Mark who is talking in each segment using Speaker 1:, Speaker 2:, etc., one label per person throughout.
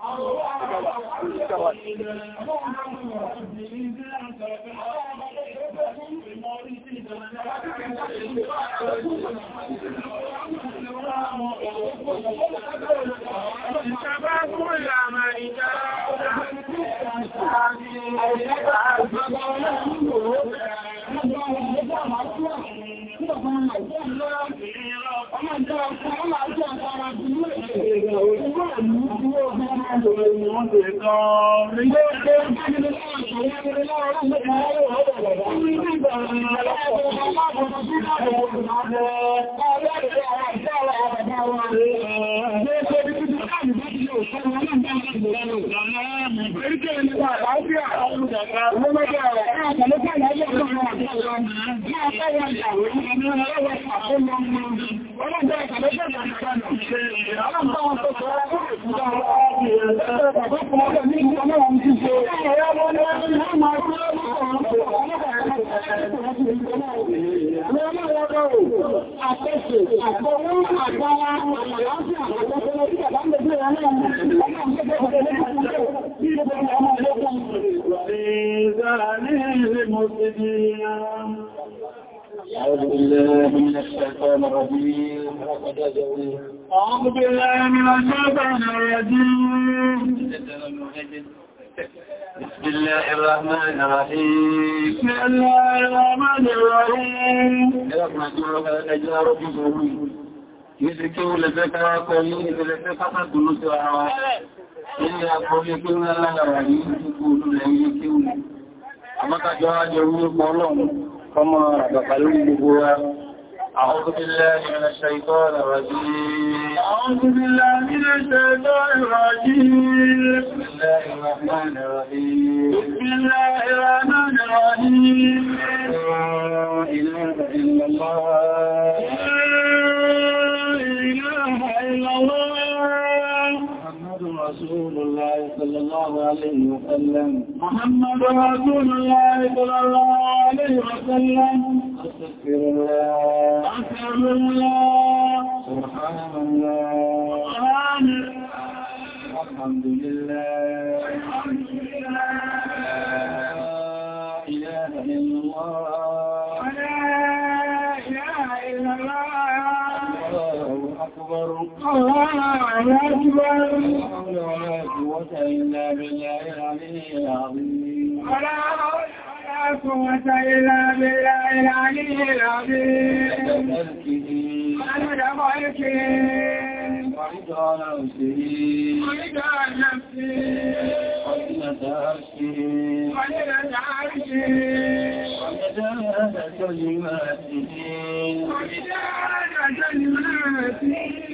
Speaker 1: Àwọn
Speaker 2: ara wa ilẹ̀ àkọlé pé ń lálàrà ní gbogbo olúlẹ̀ ilé kí ó àmọ́kàjọ́ ajọ orúkọ ọlọ́run kọmọ àgbàkà lórí gbogbo wa أعوذ بالله من الشيطان الرجيم أعوذ بالله من الشيطان الرجيم بسم الله الرحمن الرحيم بسم الله الرحمن الرحيم لا إله إلا الله عليه وسلم محمد رسول الله صلى الله عليه وسلم أستغفر الله أستغفر الله سبحان الله الحمد لله الحمد لله قوة إلا بالله العلي العظيم ولا حول ولا قوة إلا بالله العلي العظيم عدد ملكه ورضا نفسه ورضا نفسه وزنة عرشه وزنة عرشه ومداد كلماته ومداد كلماته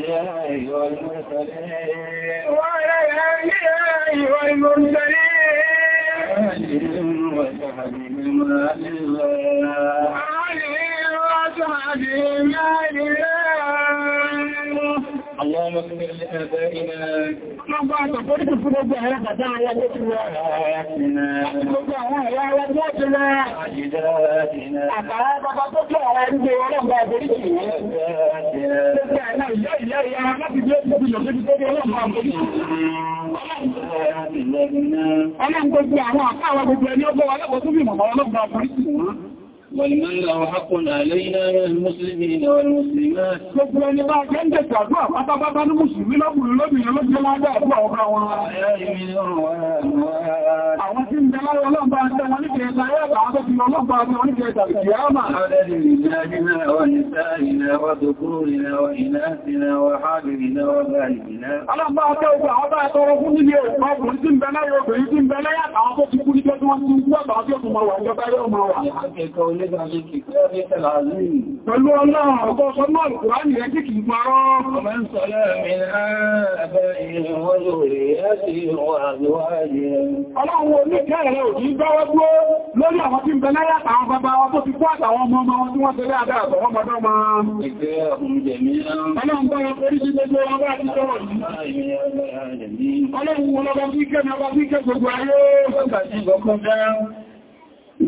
Speaker 2: اللهم اغفر لآبائنا أجدادنا أجدادنا Ọlọ́run gbogbo àwọn àkáwà gbogbo ẹni ọgbọ́ wa lọ́gbọ́ tó bí mọ̀mọ́ ọlọ́gbà ọkùnrin sí wọ́n. والمن له حق علينا من المسلمين والمسلمات gbogbo ẹni bá gẹ́ǹdẹ̀ tàbí àpátápátá ní mùsùlùmí lọ́gbùnrin lóbìnrin ló jẹ́ lágbà àpá ọ̀gá wọn àwọn tí ń jẹ láyé ọlọ́mbà ẹgbẹ́ wọn ní kẹta yẹ́bà àtọ́kì ọlọ́mbà ẹgbẹ́ wọn ní kẹta kìyàmà ọlọ́mbà ọjọ́ ọba ẹ̀tọ́rọ fún nílé ọkùnrin tí ń bẹ láyé obìnrin tí ń bẹ láyé àtàwọn tó ti kú ní tẹ́tí wọ́n ti ń gbọ́ àbájọ́ ọmọ wà ń jọba yóò mọ wà Pẹ̀lú ọlọ́run ọgbọ́ ọ̀sọ́nà ìkùránì rẹ̀ kìí parọ́. Ọlọ́run ò ní kẹ́ẹ̀rẹ́ òjú gbọ́wọ́ dúó lórí àwọn tí ń bẹ láyé àtàwọn bàbá wọn tó ti kú àtàwọn ọmọ ọmọ tí wọ́n tẹ́lẹ̀ àdá àtàwọn bàbá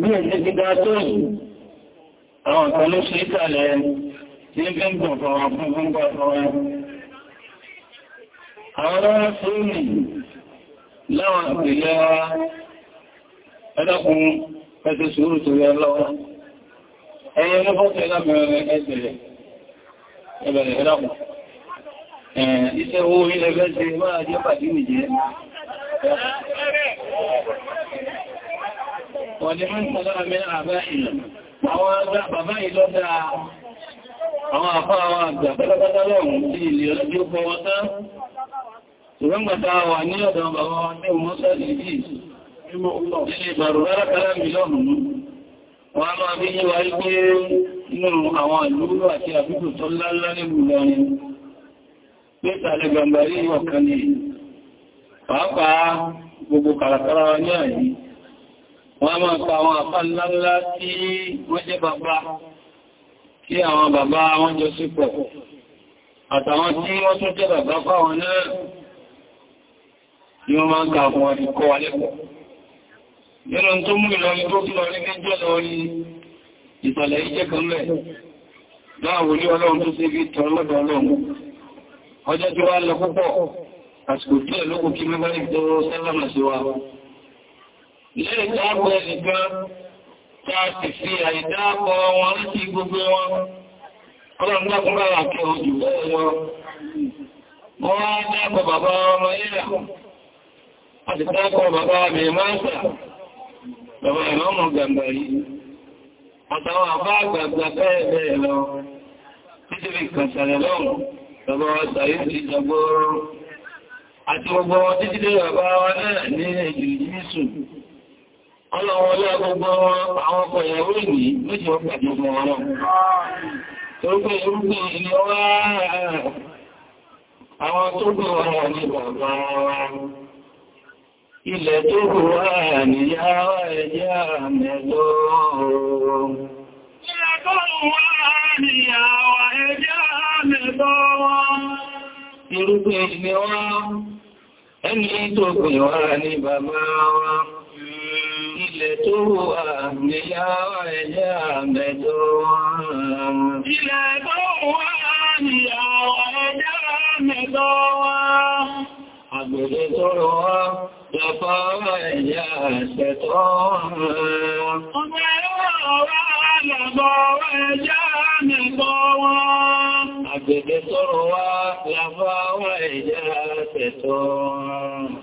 Speaker 2: bí ẹ̀sẹ̀ ti dá tó yìí àwọn kan ló ṣe ìtàlẹ̀ tí ń gbẹ́ gbọ̀nfọ̀wọ̀n fún gbọ́nfọ̀wọ̀n àwọn ọlọ́rọ̀ fún mi láwọn ìpìlẹ̀ wa ẹ̀dọ́kùn ẹ̀sẹ̀ sùúrù tó yẹ lọ́wọ́ ẹ̀yẹ ló
Speaker 1: ولمن سلام من آبائنا àwọn agbá bàbá ìlọ́dá àwọn àfá àwọn àgbà pẹ́lẹ́pẹ́lẹ́ lọ́rùn sí ilé ọdí ó fọwọ́ tán
Speaker 2: ṣùgbọ́ngbàta wà ní ọ̀dọ̀ bàbá wọn ní mọ́sálì yìí ilé ìbàrù rárá kárá mílọ́rùn wọn a máa bí yí wá ipé inú àwọn ìlúrú àti àbúkù tó lálá nílùú lọ́rin pẹ́ta lẹ́gbàmbàrí ọ̀kan ní wọ́n máa pa àwọn àpá ńláńlá tí wọ́n jẹ́ bàbá kí àwọn bàbá wọn jọ sípọ̀ àtàwọn tí wọ́n tún jẹ́ bàbá fáwọn náà ni wọ́n máa ń ka fún ọdún kọ́ wa lẹ́pọ̀ nínú tó mú Ìlọrin tó fún ọdún méjọ́ lọ ní ìtàlẹ̀ iṣẹ́ kan lẹ̀ láàwò ní Ọlọ́run tó ṣe lọ púpọ̀ àsìkò díẹ̀ lẹ́yìn tó àpọ̀ ẹnìkan ta sì fi àìdá àpọ̀ wọn láti gbogbo wọn ọlọ́run dákúnlá àkẹ́ ojú wọn wọ́n á dákọ̀ bàbá ọmọ ìrà àti dákọ̀ bàbá mẹ́máta bàbá ìmọ́mù gàmbàrí àtàwọn àbá àgbàgbà bẹ́ẹ̀ lọ títí fi kàtàlẹ̀ lọ́rùn bàbá wa sàrí sí ìjọgbọ́rọ̀ àti gbogbo wọn títí dé bàbá wa náà ní ìjìnlẹ̀ ọlọ́wọ́ ọlọ́gbogbo àwọn ọkọ̀ ìyàwó ìní méjì wọ́n pàdé ọmọ wọn náà tó gbé àwọn tó gbé wà ní bàbá ilẹ̀ tó gbé wà ní tó gbé wà ẹni bàbá wa ilẹ̀ tó wà níyàwó ẹ̀yà mẹ́jọ wọn. Ilẹ̀ tó wà níyàwó ẹ̀yà mẹ́jọ wọn. Àgbèrè tó wà lọ́pọ̀ ẹ̀yà ṣẹ̀tọ́ wọn. Ọgbẹ̀ wà lọ́pọ̀ ẹ̀yà mẹ́jọ wọn. Àgbèrè tó ẹ̀yà ṣẹ̀tọ́ wọn.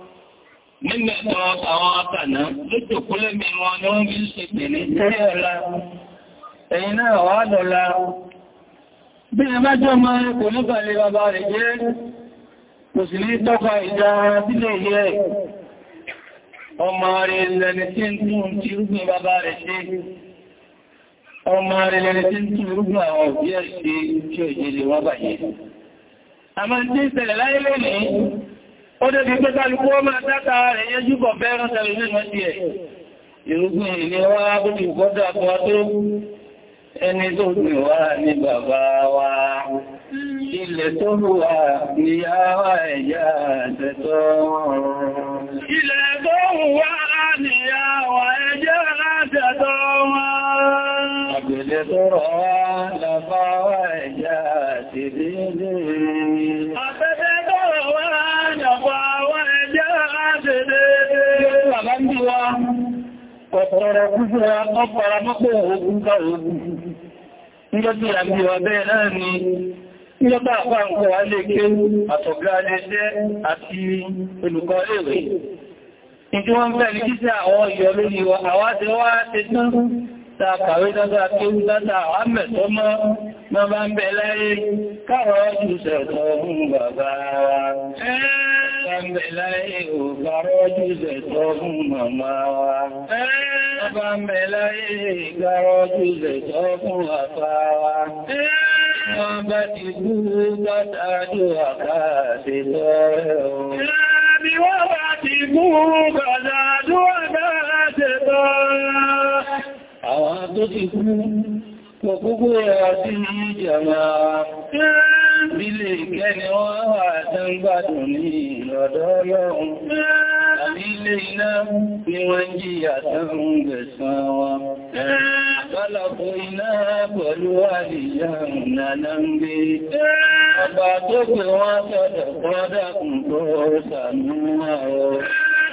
Speaker 2: nígbẹ̀tọ̀ àwọn akànà lójò kúlẹ̀ mi wọn ni wọ́n bí ń ṣe pèlé tẹ́rẹ ọ̀la ẹ̀yìn náà wà lọ́la bí i mẹ́jọ mọ́ kò nígbà lè bàbá rẹ̀ jẹ́ kò sì ní tọ́ka ìjà sílẹ̀ yẹ ọmọ rẹ̀ ó dé bí pẹ́tàlùkú ó máa dáta rẹ̀ yẹ́ jùbọ̀ fẹ́ràn tẹ̀lú ní mọ́ ẹ̀ ìrúgbìn ilẹ̀ wá bóbi kọ́dà kọ́ tó ẹni tó gbìn wá ní bàbá wa ilẹ̀ tó wà ní àwà ẹ̀yà àtẹ́tọ́ ilẹ̀ tó wà ní àwà ẹ̀yà àtẹ́tọ́ wọn àgbẹ̀lẹ̀ ọ̀pọ̀rọ̀ gúgbúra ọpàá mọ́pọ̀ ogun ká ogun nígbàtí àpá nǹkan wà lè ké àtọ̀gá alẹ́ṣẹ́ àti olùkọ́ léèwé ìdí nke fẹ́ kí sí àwọn ìyọ̀ lórí wa àwáṣẹ́wáṣẹ́ tán ta kàwé dáadáa kí ó dáadáa àmẹ́ tó mọ́ mọ́ bá ń bẹ láyé káwọ́ ọdún sẹ̀tọ̀ fún bàbá wa bá ń bẹ láyé ò kàwọ́ ọdún sẹ̀tọ̀ bàbá wa wọ́n bá ti kú látàájú àkáàtì lọ́rẹ̀ ohun àwọn tó ti kú pọ̀ gbogbo ẹ̀rọ sí ìjọba bílé ìkẹ́ni wọ́n wà tẹ́gbàdùn ní ìlọ́dọ́ lọ́run àbí ilé iná ni wọ́n jí àtẹ́rùn gẹ̀sán wọn Bọ́lọ̀kù iná pẹ̀lú àdìyà nànà ń gbé. Ọba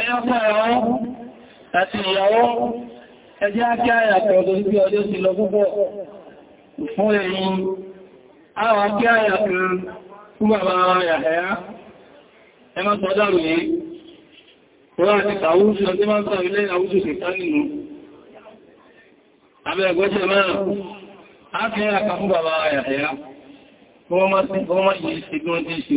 Speaker 2: ẹ̀yọ́kọ́ ẹ̀rọ àti ìyàwó ẹjẹ́ ákẹ́ àyàtọ̀ sí ọdún máa ń sọ ilé àwúsù kìtá nínú abẹ́ ẹgbẹ́sẹ̀ mẹ́rin ákẹ́ àkà fún bàbá àyàhẹ́yá wọ́n má yìí ṣe bí wọ́n ti ṣe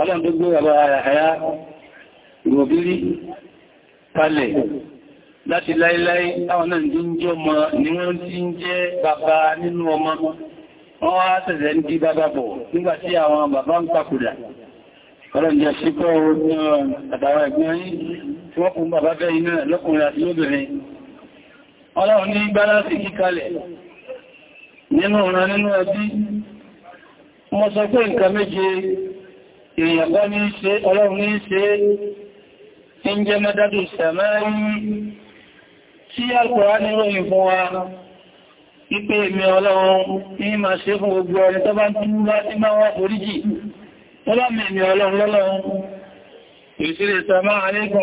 Speaker 2: Ọlọ́run tó gbé ọ̀rọ̀ àyà ìwòbírí kalẹ̀ láti láíláí táwọn náà ní jẹ́ ọmọ ni wọ́n ti ń jẹ́ bàbá nínú ọmọ. Wọ́n wá tẹ̀sẹ̀ ń di bàbá bọ̀ nígbàtí àwọn bàbá ń papòdà. Ọlọ́run jẹ́ sípọ̀ àtàwọn ẹ̀gbọ́n yìí tí wọ́n kún bàbá bẹ́ iná lọ́kùnrin àti lóbìnrin. Ọlọ́run ní gbálásì kíkalẹ̀ nínú ọ̀ràn nínú ẹbí. Mo sọ èèyàn bá ní ṣe ọlọ́run ní ṣe ń jẹ́ mẹ́dádù sàmárí tí àkùrá ní ròyìn fún wa ipé èmi ọlọ́run ní ma ṣe fún gbogbo ẹni tó bá tún bá tí máa wá foríjì ọlọ́mẹ̀mí ọlọ́run lọ́lọ́run ìṣẹ́lẹ̀ sàmá alékùn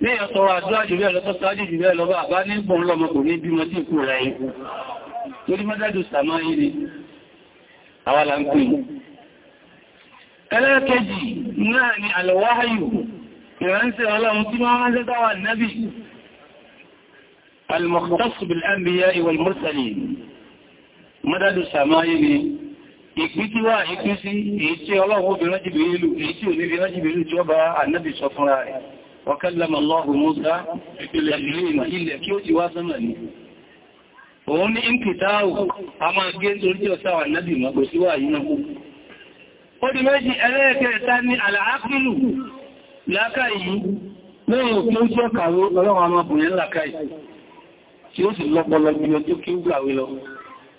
Speaker 2: ní ẹ̀sọ̀rọ̀ àdúrà jù bẹ́ẹ̀ lọ́tọ́ sáájì jù bẹ́ẹ̀ lọ́bá bá ní gbọ́n lọ́mọ kò ní bímọ tí kú rẹ̀ ikú torí mọ́dájú sàmáyé ni àwàlà ń pè ẹlẹ́ẹ̀kejì náà ni alwáhayù ìránṣẹ́ ọlọ́run tí máa ránṣẹ́ dáwà nábì al-mukhtass bil-anbiya wal-mursalin mọ́dájú sàmáyé ìpín sí èyí tí ọlọ́run obìnrin jìbìrìlù èyí tí ò ní bí rájìbìrìlù tí ó bá ànábì sọ rẹ̀ wọ́kẹ́lẹ̀mọ̀ lọ́rùn Musa ilẹ̀ ilẹ̀ kí ó ti wá sánmà ní òun ní ìkìtàwò a máa gé torí tí ọ̀sáwà náàbì mọ́ kò síwà yìí náà ó di méjì ẹlẹ́ẹ̀kẹta ní àlàákìlù lákàáyí lẹ́yìn òkú tí ó kàwé ọlọ́run ọmọkùnrin lákàáyí tí ó sì lọ́pọlọ bí ọjọ́ kí ó gbàwé lọ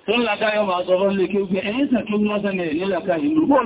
Speaker 2: tó ń lákàáyí ọmọ àtọ́rọ́ lè kí ó gbé ẹ̀yìn sàkí ó mọ́sán rẹ̀ ní lákàáyí lúgbọ́n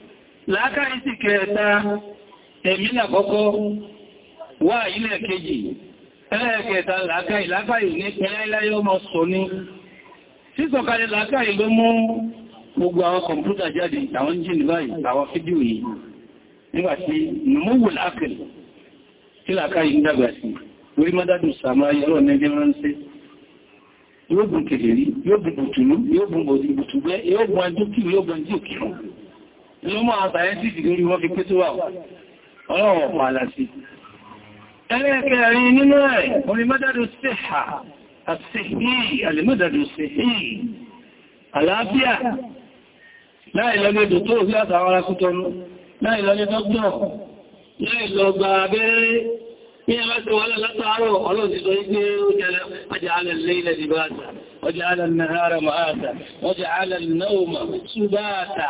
Speaker 2: Láàkárí sì kẹta, ẹ̀mí làkọ́kọ́, wà ilẹ̀ kejì, ẹlẹ́ẹ̀kẹta làákàí, làákàí ní pẹ̀láìláyọ́ ọmọ sọ ní. Sísọ̀kalẹ̀ làákàí ló mú gbogbo àwọn kọ̀mpútà jáde, àwọn jìn báyìí, àwọn fídíò yìí, nígbàtí nùmúwò láàkìl tí làákàí ń dàgbà sí, orí mádádù sàmáyé ọlọ́ yóò bùn kèfèrí yóò bùn bùtùlú yóò bùn bùtùlú yóò bùn ló máa sàyẹ́ntìsì lórí wọ́n fi pé tó wà ọlọ́wọ̀ pààlà sí ẹlẹ́kẹ̀ẹ́rin nínú ẹ̀ orí mẹ́dàdù síhà àṣìhì alìmẹ́dàdù síhì àlàáfíà láìlọ́gbẹ̀dù tó rí àtàwọn akútọnú láìlọ́gbẹ̀dọ́gbọ̀ láìlọ́gbà abẹ́rẹ́ ní ẹwà tí wọ́n látàárọ̀ ọlọ́dìdọ̀ igbe ọjàálẹ̀ lẹ́ilẹ̀ dìbáta ọjàálẹ̀ nàárà ma'áta ọjàálẹ̀ náà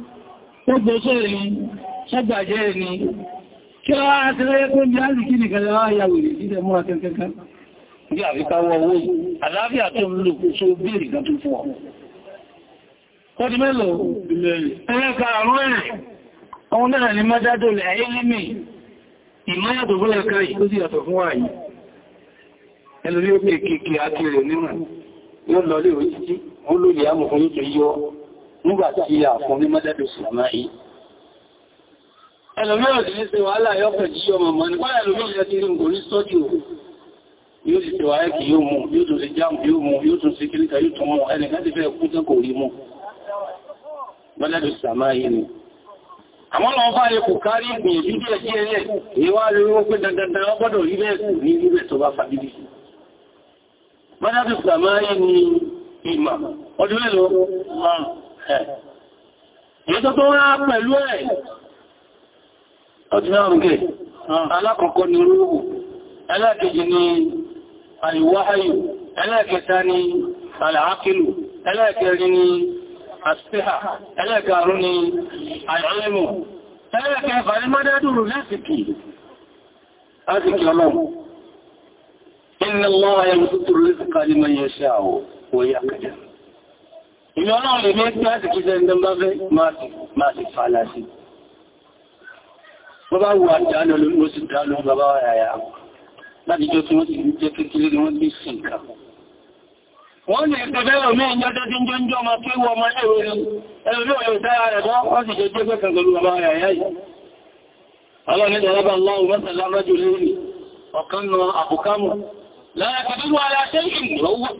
Speaker 2: ṣẹ́gbẹ̀ṣẹ́ rí ṣẹ́gbàjẹ́ rí kí wá ti rẹ́ pé bí áàrìkí nìkan lọ́wọ́ ìyàwó rẹ̀ sí ẹmú akẹ́kẹ́kẹ́ bí àríkáwọ́ owó àlàáfíà tó ń lò kó bèèrè kan tó fún ọ Kọ́dí mélòó? Ẹ̀ẹ́ka àrùn ẹ̀rẹ̀, ọun náà ni mọ́jádò lẹ̀ ayé límì, ìmáyàtò fún ẹ̀ka ìkúsí nígbà tí a fún ní mọ́dẹ́dù sàmáì ẹlòmíràn ti ní ṣe wàhálà yọ́kọ̀ jí ọmọ mọ́ nípa ẹlòmíràn ti rí ń gorí sọ́dí ò yóò ti tẹ̀wà ẹ́kì yóò mú yóò tún ni àwọn lọ bá ikú kárí ìgbìyànjú díẹ̀ díẹ̀ rẹ̀ ìwá lórí wọ́n pé dandandan wọ́n rí bẹ́ẹ̀ ní ibẹ̀ tó bá fàbílì sí. mọ́dá tó sàmáyé ni ìmà ọdún mẹ́lọ èyí tó tó rá pẹ̀lú ẹ̀ ọdún mẹ́rin gẹ̀ ah. alákọ̀ọ́kọ́ ni rúrù ẹlẹ́ẹ̀kejì ni àìwáhayù ẹlẹ́ẹ̀kẹta ni àlàákìlù ẹlẹ́ẹ̀kẹrin ni àṣíhà ẹlẹ́ẹ̀kẹrin ni àìrẹ́mù ẹlẹ́ẹ̀kẹfà ní mọ́dẹ́dùrù lásìkì Inna Allah ya mutu rizqa liman yasha'u wa yaqdir ìlú ọlọ́run lè mẹ́sí láti kí sẹ́ni tó bá fẹ́ máa sì fàálà sí bọ́bá wù àdánà lórí ó sì dánà bàbá àyà láti jọ tí wọ́n ti jẹ́ kékeré ni wọ́n ti sì ká wọ́n lè pẹ̀lẹ́ omi ìjọdọ́ tí jọ ń jọ ma kí wọ́n ma ẹ̀rọ ẹ̀rọ ìdára rẹ̀ bọ́ wọ́n sì jẹ́ jẹ́ pẹ̀lú bàbá àyà yìí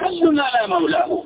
Speaker 2: ọlọ́run ní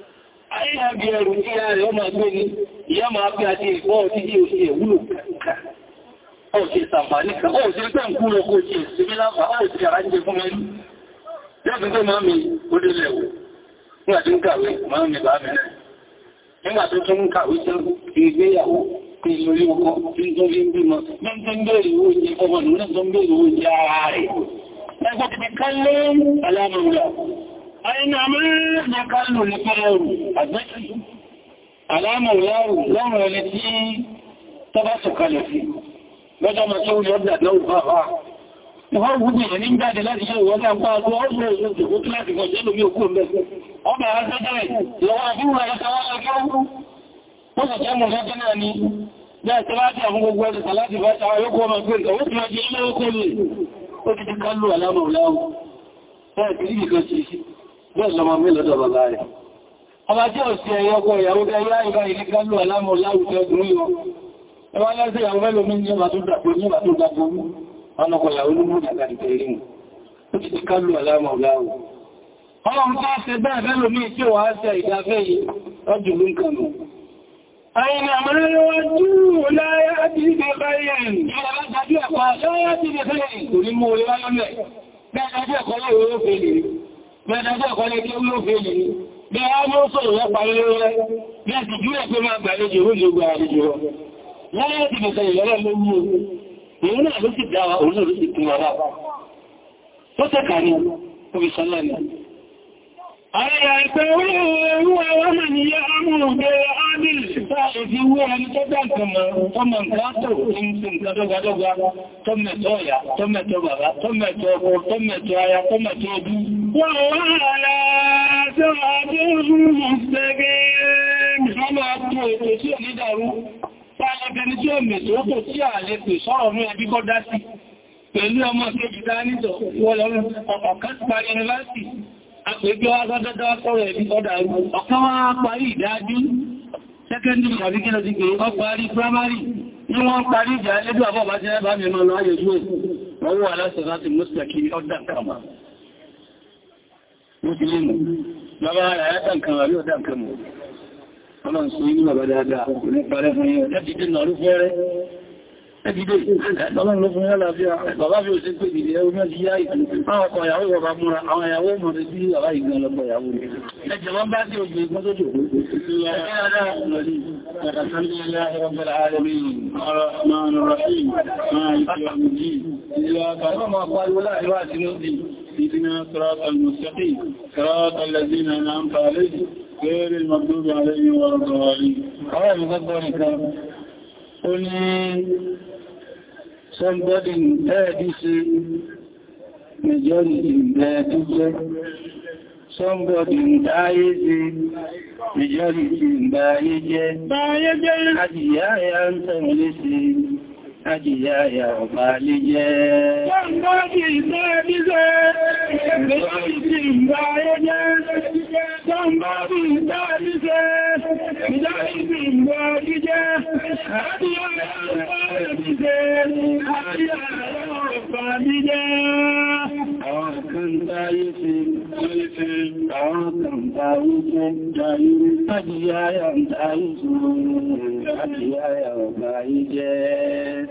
Speaker 2: Ayéyàbí ẹrù tí a rẹ̀ ọmọ gbé ní ìyá máa pẹ́ àti ìgbọ́ ọtí tí ó ṣe ìwúlò ọ̀ṣẹ́ ọkọ̀ ṣe ń tó máa mi ó délẹ̀ wò, ń tó tún ń kàwé tán, ìgbéyàwó, ìlú ọkọ̀, ń tó ń bímọ, bí ń tó ń bèèrè owó jẹ ọmọ nù أين أمرنا قالوا لقراروا الذكي على مولاه لهم التي تبسك لفي بدأ ما تقول يبدأ لو خافا وهو بيه من بعد الذي يقول ولا قال وعزه يزده وطلعت فجلهم يكون بس أما هذا دعي لو أفونا يتوالى الكون وستعمل هذا لا ثلاثة هم قوات ثلاثة فاتحة يقوى مقبولك وطلع جعله وكله وكتكلوا على مولاه فأتريد كثير bẹ́ẹ̀ lọmọ mélòó dọ̀rọ̀ láàrẹ ọba jẹ́ òsì ẹ̀yọ́ ọkọ̀ ìyàwó ẹ̀yà ìbá ilé kálù alámọ̀ láwùjọ ọdún yọ ẹwà lẹ́sẹ̀ ìyàwó mẹ́lò mi níyàwó tó dàpò níyàwó tó dàpò mú ọlọ́kọ̀ ìyàwó ló mú dàgbà ìtẹ̀rin ó ti kálù alámọ̀ láwù ọlọ́run tó ṣe bẹ́ẹ̀ mẹ́lò mi tí wà á ṣe ìdáfẹ́ yìí ọjọ́ ló ń kànú أين مروا لا يأتي بخير أنا بس أجيب لا يأتي بخير تلموا لما Mẹ́tàjọ́ ọ̀kọ́lẹ́ kí ó fi lè ní. Bẹ́ẹ̀ á mọ́ sọ̀rọ̀ rẹ̀ parí rẹ̀. Bẹ́ẹ̀ ti júrẹ̀ pé máa gbàlejò ó lè gbà àlejò rọ̀. Lọ́lẹ́ ti bẹ̀sẹ̀ ìrọ̀lẹ́ ló mú o. náà ló sì dáwà, òun náà ló sì kún wa Àyà ìpẹ́ orí ẹ̀rú ẹwà mà ní yá ámùrù gbé ámìl ṣùgbà ìdí owó ẹni tó dáǹkan mọ̀ ọmọ nǹkan tó ń sí nǹkan dọ́gbàdọ́gbà tó mẹ́tọ́ ọ̀yà, tó mẹ́tọ́ bàbá, tó mẹ́tọ́ ọkọ̀, tó mẹ́tọ́ ọmọ kejì Àpègbé wá sọ́dọ́dọ́ sọ́rọ̀ ẹ̀bí ọdá ẹ̀rù. Ọ̀kan wá parí ìdájú, secondary àbí kí lọ sí pé ọ parí primary, ní wọ́n parí ìjà ẹlẹ́dù àbọ̀ bá jẹ́ bá mẹ́mọ́ lọ ayẹ̀ yóò wọ́n wà lásọ̀ Ọlọ́run sí ní bàbá dáadáa, orí parẹ́ fún yóò, láti dínà orí fẹ́rẹ́. ẹdìdé lọ́lọ́lọ́fún yálàáfíà bàbá fi ó sí pé ìdìdé ẹwọ́n mẹ́jì yá àwọn ọkọ̀ ìyàwó ìwọ̀n múra àwọn ìyàwó mọ̀rẹ̀ bí àwá ìgbà lọ́pọ̀ ìyàwó rẹ̀ ẹjẹ̀ wọ́n bá sí ògbè ìgbọ́n tó jòkó إذنا صراط المستقيم صراط الذين أنعمت عليهم غير المغضوب عليهم ولا الضالين قال مقدر الكلام قل somebody in ADC, majority in ADC, somebody in IAC, majority in IAC, Àdìyá ẹ̀ ń tẹ̀wọ̀n lé sí Ajíyá ya ọba lè jẹ́. Ṣọ́nà ti ìṣẹ́ ẹbíṣẹ́, jẹ́. Ṣọ́nà ti ìṣẹ́ ẹbíṣẹ́, jẹ́. Ajíyá ya ọba lè jẹ́. Ajíyá ya ọba lè jẹ́. Ajíyá ya ọba lè jẹ́.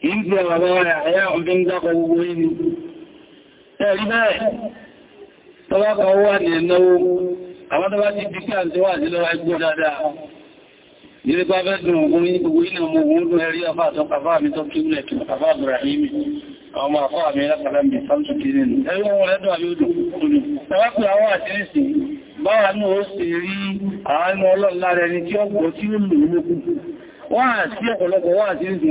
Speaker 2: ìdí ọ̀bá fẹ́ dùn ogun ní gbogbo inú ọmọ ogun dùn ẹ̀rí ọfà tó kàfà mi tó kí ulẹ̀ tó kàfà Ibrahim ọmọ àfà mi lápàdà mi sáńtù kiri nù ẹ̀rí wọn rẹ̀dùn àbí odò tọ́wọ́kọ̀ àwọn àtìrìsì báwa náà ó sì rí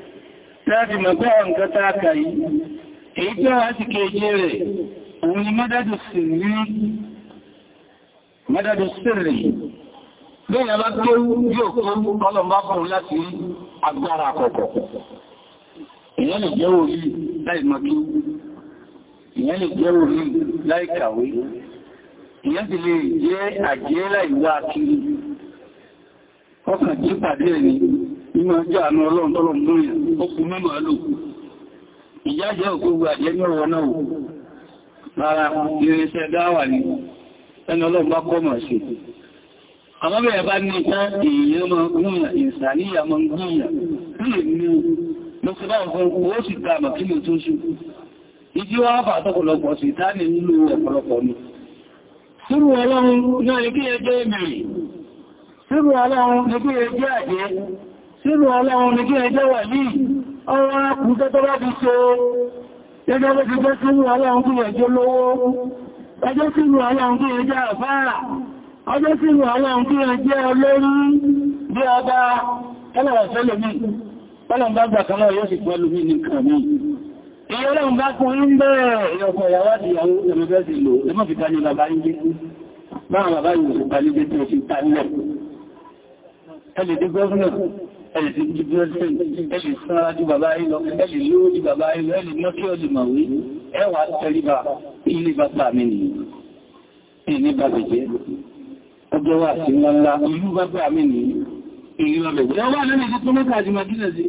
Speaker 2: láti mọ̀gbẹ́ ọ̀nkẹ́ tààkà yìí èyí tó wá sí kéje rẹ̀ òun ni mọ́dádù sírì lẹ́yìn bá tó yóò kó ọlọ́mbá fún láti agbára àkọ́kọ́ ìyẹn lè jẹ́ orí láì mọ́kí ìyẹn lè jẹ́ orí láì kàwé ìyẹn sì lè jẹ́ àjẹ́ láì wá kiri ọkàn tí pàdé ẹni ìmọ̀ jẹ́ àánú ọlọ́run tọ́lọ̀ múrin ọkùn mẹ́mọ̀ lò ìyá jẹ́ òkú àjẹ́ ní ọwọ́ náà lára irinṣẹ́ dáwà ní ẹni ọlọ́run bá kọ́ mọ̀ sí àwọn bẹ̀rẹ̀ bá ní ká èèyàn máa gúnyà ìsàníyà máa gúnyà lè ní lọ́sọ́dá ọ̀fún owó sì ta àmà kí lè tó ṣù ìjí wá fà tọ́pọ̀lọpọ̀ sí ìtánì nílò ọ̀pọ̀lọpọ̀ sínú aláwọn ní kí ẹjẹ́ àjẹ́ sínú aláwọn ní kí ẹjẹ́ wà ní ọwọ́ akùnkẹ́ tó bá ti ṣe ẹjẹ́ bó ti jẹ́ sínú aláwọn kí ẹjẹ́ lówó ẹjẹ́ sínú aláwọn kí ẹjẹ́ àfáà ọjọ́ sínú aláwọn kí ẹjẹ́ olórí bí ọba ẹlẹ́wọ̀sẹ́lẹ̀mí Báwọn ẹlẹ̀ dé gọ́ọ̀nà ẹlẹ̀ tí jí bíọ́sẹ̀ ẹlẹ̀ sanra ju bàbá ìlọ ẹlẹ̀ lówó ju bàbá ìlọ ẹlẹ̀ lọ́kí ọlì màwé ẹwà tẹríba ilé bàbá mi nì ní bàbẹ̀ jẹ́ ọjọ́ wà sí ńlá ìlú bàbá mi nì ìlú bàbẹ̀ jẹ́ ọwọ́ alẹ́mẹ̀ tó tó mẹ́ta àti màdínà sí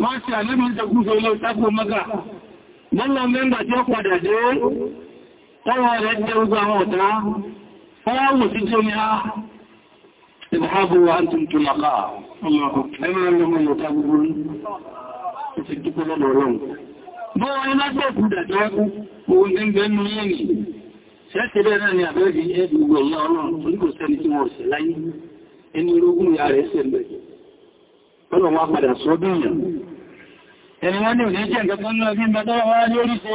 Speaker 2: máa ṣe alẹ́mẹ̀ ìbáàbò wa tún tún àkà ẹmà lọ́mọ ìyọ̀ta gbogbo ní ti dúkọ́ lọ́dọ̀ ọlọ́run bọ́ wọn iná tó kù dàjọ́ ohun gẹ́gẹ́ nú yẹ́nì ṣẹ́ṣẹ́ bẹ́ẹ̀ náà ni àbẹ́ẹ̀dì ẹ̀dù gbogbo ọ̀lá ọlọ́run tó ní kò sẹ́ni tí wọ́n ṣẹ̀ láyé ẹni wá padà sọ́dún yàn ẹni wọ́n ní òní jẹ́ nǹkan tó ń lọ wá lórí ṣe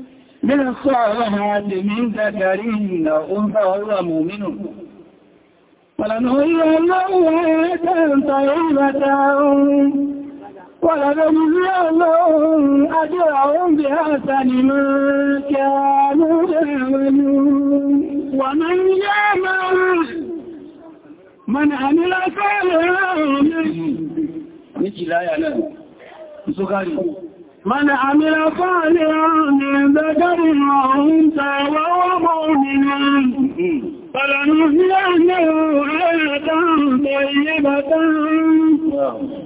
Speaker 2: بالصالحات من ذكرين أنثى وهو مؤمن ولنهينهم حياة طيبة ولنجزينهم أجرهم بأحسن ما كانوا يعملون ومن يعمل من عمل صالحا من جلايا له سكري من عمل صالحا من ذكر وانثى وهو مؤمن فلنحيينه حياة طيبة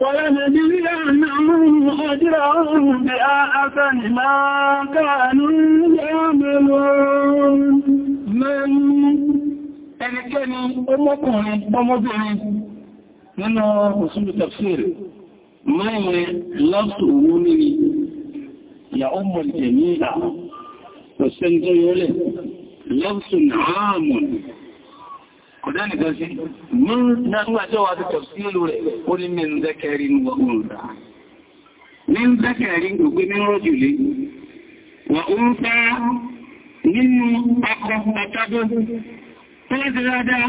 Speaker 2: ولنجزينهم أجرهم بأحسن ما كانوا يعملون من ẹnikẹ́ni ọmọkùnrin ọmọbìnrin nínú òṣùlù tafsir mẹ́rin lọ́pù owó nílì ya ummul jami'a kò sí ń tó yólẹ̀ lọ́sùn ààmùn kò dánìkan sí mún náà tó wà tó tọ̀sílù rẹ̀ ó ní min zakarin wa unsa nínú tó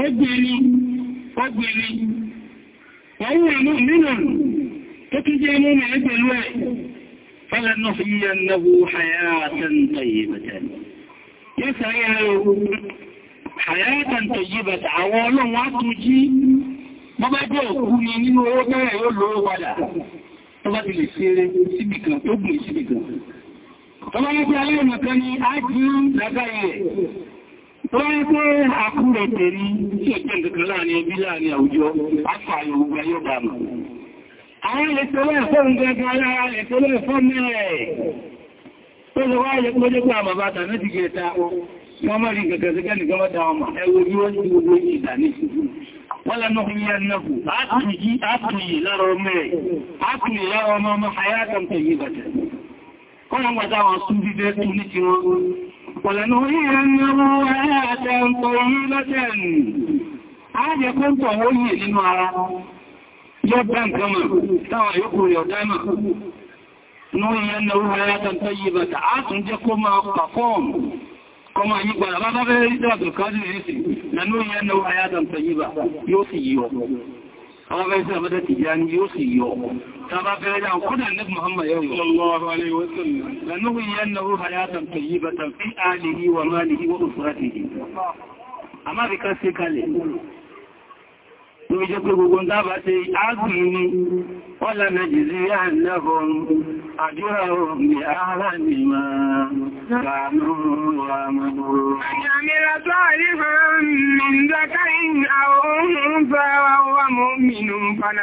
Speaker 2: ó gbẹ̀rí فلنحيينه حياة طيبة يسعيه حياة طيبة عوال واتجي bọ́bá jẹ́ òkú ni nínú owó bẹ́rẹ̀ yóò lówó padà tó bá ti lè ṣeré síbìkan tó gùn síbìkan tó bá yẹ́ pé aláìmọ̀ kan ni a jí lágbàrí rẹ̀ tó bá yẹ́ pé àwọn ìlẹ̀tẹ̀lẹ̀ fún gẹ́gẹ́ alára ìlẹ̀tẹ̀lẹ̀ fún tó lọ wáyé lójẹ́ pé àbàbà tàbí ti gẹ̀ẹ́ta wọ́n mọ́ rí gẹ̀gẹ̀ gẹ́gẹ́ nìkan mọ́ta ọmọ ẹwọ bí wọ́n ti gbogbo ìdà ní wọ́n lẹ́nu ìyá ẹ̀ ń gbàtà wọn يبقى كما سوى يقول يوتاما نوي أنه حياة طيبة عاصم جكما قفوم كما يقول بابا غير عبد القادر يسي نوي أنه حياة طيبة يوسي يوم àwọn ọmọ ìsìn àbádá ti já ní yóò sì yọ tàbá fẹ́rẹ́ dáun kúrò ní Muhammad yau yau lọ́nà yẹn na ó hayatan tó yí batan fi alihi wa malihi wa usratihi kalẹ̀ níbi jẹ́ pé gbogbo dábà ti ágbì ní ọlá nàìjíríà lẹ́bọn àdúrà òmì ara ní máa gbàmù àmàbò. Àyàmìrà tó àrífẹ́ min zakarin àwọn fẹ́wà wà mú minú fana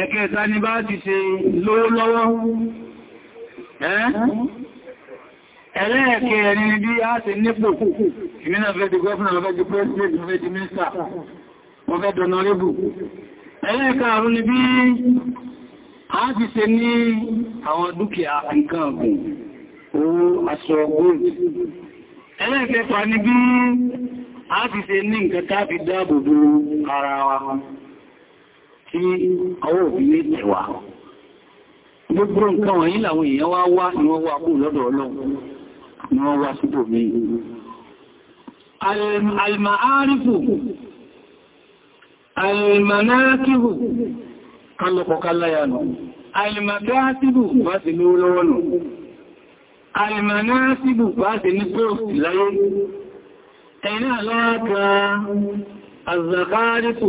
Speaker 2: ẹ̀kẹta ni bá ti ṣe lówó lọ́wọ́ ẹlẹ́ẹ̀kẹ́ ẹni ni bí a ṣe nípò ìmìnà fẹ́ di gọ́ọ̀fúnà lọ́fẹ́ di di minister ni bí a ti ṣe ní àwọn nǹkan ọ̀gùn owó gold ni bí ní ara wa tí ọwọ́ òbí lè tẹ̀wà gbogbo nǹkan wọ̀nyí làwọn èèyàn wá wá ni wọ́n wá kú lọ́dọ̀ ọlọ́run ni wọ́n wá síbò mí alìmọ̀-árífù alìmọ̀-náàkìrù kálọ̀kọ̀káláyànù alìmọ̀-dáàtìbù bá ti ní pọ́ọ̀sì láyé ẹ̀nà aláàkà azàkárìfù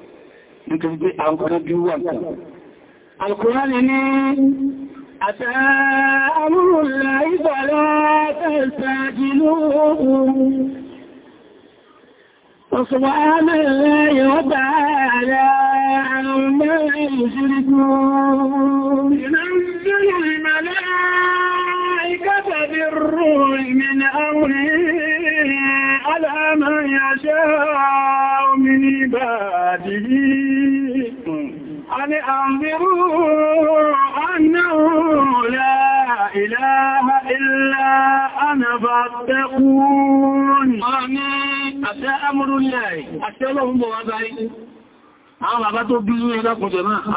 Speaker 2: nítorí pé àwọn kan bí wà nǹkan Al-Qur'ani ní àtà amúrùlá ìbàlá tẹ́sàjìlú Ọ̀sùnwàánà yọ́bà àrẹ àwọn mẹ́rin ìṣirikú. Ìrìnàmìsìn ìmàlá ìkàtàbí rúrù ìmìnà àwòrán على من يشاء من عباده قد أنذروا أنه لا إله إلا أنا فاتقون آمين أتى أمر الله أتى لهم بوابعي àwọn bàbá tó bí ní máa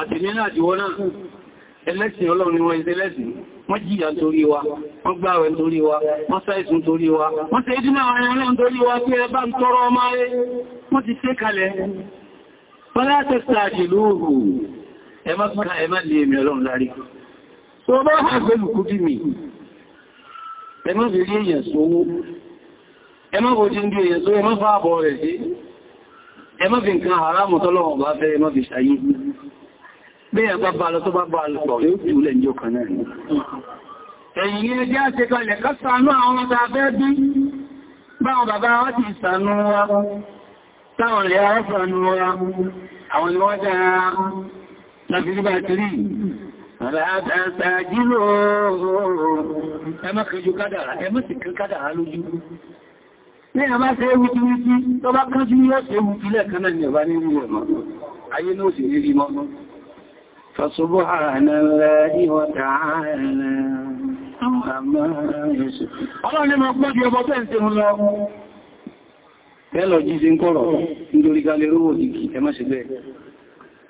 Speaker 2: àti ní náà ẹlẹ́sìn ọlọ́run ni wọ́n wọ́n torí wa wọ́n torí wa wọ́n sáìsùn torí wa wọ́n tẹ́ ìdínà àwọn ọlọ́run torí wa ń tọrọ ọmọ ayé wọ́n ti ṣe kalẹ̀ ẹ má pàdà ẹ má lè èmì ọlọ́run lárí tó bá hàn pẹ̀lú kú bí mi ẹ má fi rí èyàn sówó ẹ má bó jíndú èyàn sówó ẹ má fà àbọ̀ rẹ̀ sí ẹ má fi nǹkan haramu tọ́lọ́wọ̀n bá fẹ́ ẹ má fi ṣayé bí ẹ bá bá lọ tó bá bá lọ pọ̀ yóò jù lẹ́ ní ọkàn Tàbíríbàtírí, àtàjìlò ẹmọ́kẹjù kádàrà, ẹmọ́sìnkẹ kádàrà lójú. Ní àmá ṣe wùtí wùtí, tó bá kánjú yóò ṣe wùtí lẹ́ẹ̀kan náà ní ọ̀bá nínú ẹ̀mọ́. Ayé náà sì rí rí mọ́. Fàṣubúhànà rẹ̀ ìwọ̀ta ààrẹ àmà ẹ̀ṣù. Ọlọ́run ni mo pọ́jú ọbọ̀ tẹ́ ń ṣe mú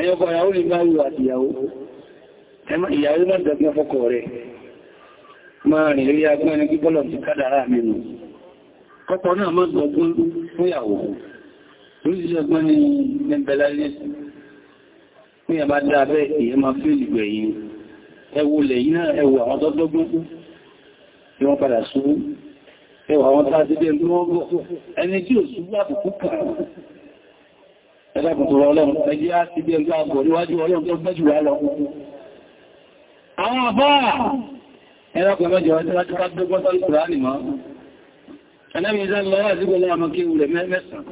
Speaker 2: ẹ̀yọ́ kọ ìyàwó lè máa wíwà àti ìyàwó ìyàwó má dọ̀gbọ́n fọ́kọ rẹ̀ máa rìn rí agbọ́n ẹni kí bọ́lọ̀ ti kádàrá mẹ́nu kọ́kọ́ náà má dọ̀gbọ́n fún ni ẹgbẹ̀lá ní ìyàbá dáabẹ́ ìyẹ́ máa fíìlì gbẹ̀yìn ẹwọ lẹ̀yìn náà ẹwọ àwọn tọ́gbọ́gbọ́n tí wọ́n padà sún ẹwọ àwọn ẹni tí ò súgbà àbùkù kàrùn ẹlẹ́kùnkùn ọlọ́run ẹgbẹ́ á ti bí ẹgbẹ́ àgbọ̀ níwájú ọlọ́run tó gbẹ́jù wá lọ. àwọn àbáà ẹlẹ́kùn mẹ́jọ ọjọ́ láti bá dógún sọ́lù kùránì mọ́ ẹlẹ́mì ìzẹ́ lọ́wọ́ àti gbọ́lọ́ àmọ́ kí wùlẹ̀ mẹ́sàn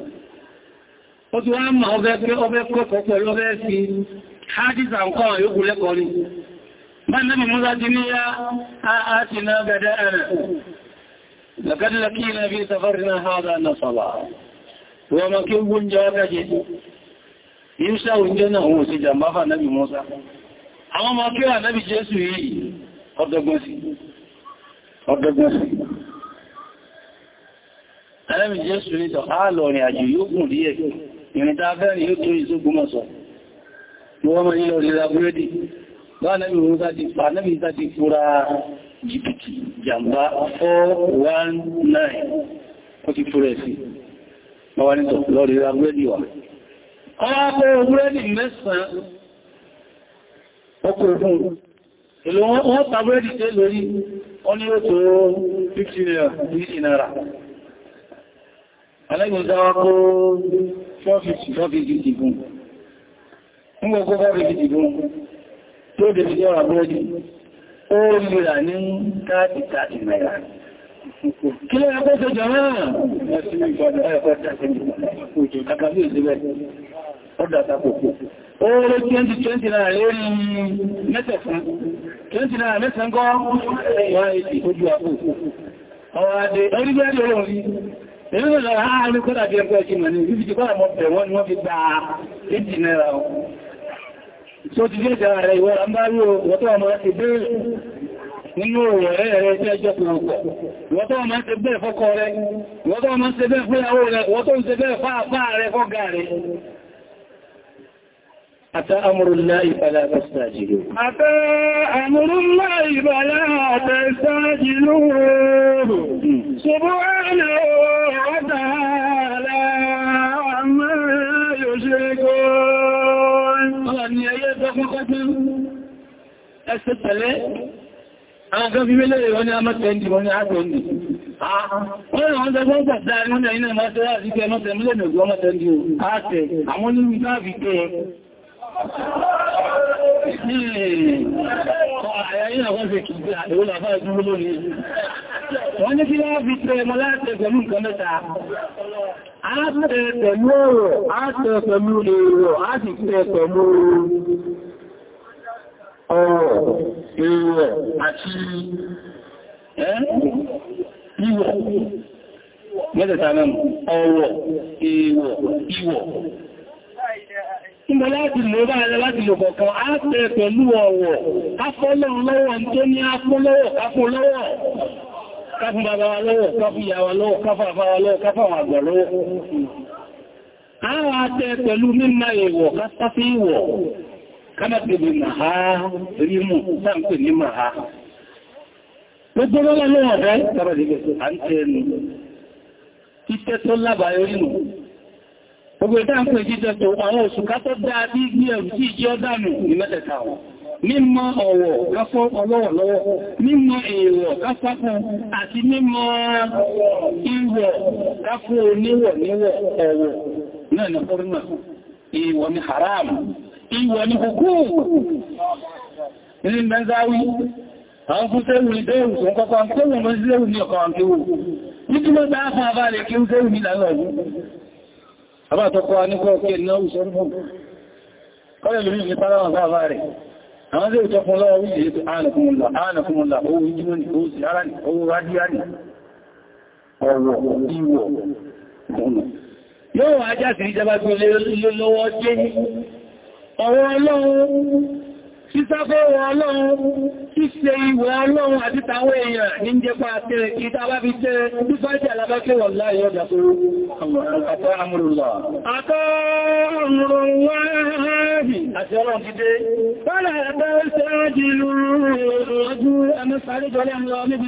Speaker 2: ó ti wá mọ̀ ọbẹ̀ pé ọbẹ̀ kọ́kọ́ pẹ̀lú ọbẹ̀ fi hádìsà nǹkan yóò lẹ́kọ̀ọ́ ni bá nẹ́bì múlá ti ní yá á ti náà gẹ̀dẹ̀ ẹ̀rẹ̀ lẹ́kẹ́dẹ̀lẹ́kí ilẹ̀ bí safarina hádà na sọ̀bà wọ́n mọ́ kí ó gún jẹ́ ọ́fẹ́jẹ́ ìṣẹ́ oúnjẹ náà wọ́n sí jàmbá fà náàbì Mùsá àwọn ọmọ kí wà náàbì Jésù yìí ọdọ́gbọ́n sí ọdọ́gbọ́n sí náàbì Jésù ní sọ áàlọ̀rin àjò yóò gùn rí ẹ̀ ìrìn ta fẹ́rin yóò tó ìṣógun mọ̀ sọ wọ́n mọ́ ilẹ̀ òrìlà búrédì bá náàbì Mùsá ti pa náàbì Mùsá ti fura jìbìtì jàmbá 419 ó ti fúrẹ̀ sí lọ́wọ́ ní tọ̀ lọ́rí ra búrẹ́dì wà. Ọlọ́pẹ́ búrẹ́dì mẹ́sàn-án ọkọ̀ òfin ìlú wọ́n ta búrẹ́dì tẹ́ lórí ọní ètò 50 naira ní ìnara. Alẹ́gbùn dáwà kó 450 fún. Ń gbogbo 450 fún tó dẹ̀ fi jẹ́ ọ̀rọ̀ búrẹ́dì. Ó ń gbìyà ní 30 30 naira. Kí lẹ́yìn ṣe jẹ́ náà? Ọdá takòkò. Oòrùn 2020 náà lórí mẹ́tẹ̀fún. 20 náà mẹ́tẹ̀fún bí ẹgbẹ́ ẹ̀kí ah, mọ̀ ní ibi jù kọ́dà mọ́ ni wọ́n fi gba 8 náírà. Tí ó ti dé ìjọ nínú òwò ẹ̀rẹ́ rẹ̀ tí ẹjọ́ fún ọkọ̀. Wọ́n tó máa ń ṣe bẹ́ẹ̀ àwọn kan fi wélèrè wọ́n ni a mọ́tẹ̀ ẹ̀ndì wọ́n ni a tẹ̀ ẹ̀ndì wọ́n ni wọ́n tẹ́ fún ìgbàdá ẹ̀rùn ní iná mọ́tẹ̀ láti kẹ mọ́tẹ̀ mílẹ̀ mẹ́gbọ́ mọ́tẹ̀ ẹ̀ndì ààtẹ̀ àwọn onírú káàfi kẹ wọ́n ní kí láàfi tẹ ẹmọ láti ẹgbẹ̀mú nǹkan mẹ́ta ààtẹ̀ pẹ̀lú ọ̀rọ̀ ààtẹ̀ pẹ̀lú èrò àti tẹ pẹ̀lú ọ̀rọ̀ èèwọ̀ àti ìwọ̀ mẹ́tẹ̀ta náà ọ̀wọ̀ èèwọ̀ ìwọ̀ Ìgbẹ̀ láti lò bá ẹ̀rẹ láti lò kọ̀kan, a tẹ pẹ̀lú ọ̀wọ̀, a fọ́lọ̀ lọ́wọ́ tó ní a fún lọ́wọ́, ká fún lọ́wọ́, ká fún bàbá wa lọ́wọ́, ká fún ìyá wa lọ́wọ́, ká fún àfá wa lọ́wọ́, ká fún àwọn àgbà lọ́wọ́. A wà tẹ pẹ̀lú mímọ̀ ìwọ̀, ká kánàkèdè màá rímù sáàpè ní màá gbogbo lọ́lá lọ́wọ́ rẹ̀ tàbàdìgbẹ̀sọ̀ àǹtẹ̀ẹ̀nù títẹ́ tó lábàáyé rínù gbogbo ìdáǹkò ìjíjẹ́ tó àwọn oṣù kátọ́ dáa bí gbí ẹ̀rù tí ìjẹ́ ọdánù ní mẹ́tẹ̀ta wọn mímọ̀ ọ̀wọ̀ káfọ́ ọlọ́wọ̀lọ́wọ́ mímọ̀ èèwọ̀ káfọ́ àti mímọ̀ ìwọ̀ káfọ́ oníwọ̀ níwọ̀ ọ̀wọ̀ náà ìwọ̀ ní kùkú ní mẹ́záwí àwọn fún sẹ́wù ní bẹ́ẹ̀rù tó kọ́kọ́ sẹ́wù mọ́ sílẹ̀wù ní ọkọ̀ àkíwò ní kí ló bá fún àbá rẹ̀ kí ó sẹ́wù ní láàrẹ̀ ọdún àbátọ́kọ́ aníkọ́ ọkọ̀ ìnáwù sọ́rọ̀ Yóò wá jásìrí jẹba gbé lọ́wọ́ jẹ́ ọ̀rọ̀ ọlọ́run sísáfẹ́ ọlọ́run ṣíṣe ìwẹ̀ ọlọ́run àti tàwọn èèyàn ní ń jẹpa tẹ́rẹ kí tá bá fi tẹ́ bífájì alábákẹ́ wọ̀ láyé ọjà tó àtọ́ àmúrùlọ àtọ́ àmúrùwáàbì àti ọlọ́run ti dé pẹ́lẹ̀ ẹ̀bẹ́ ṣẹ́rẹ́jì ìlú ojú ẹmẹ́sàrẹ́jọ́lẹ́ lọ níbi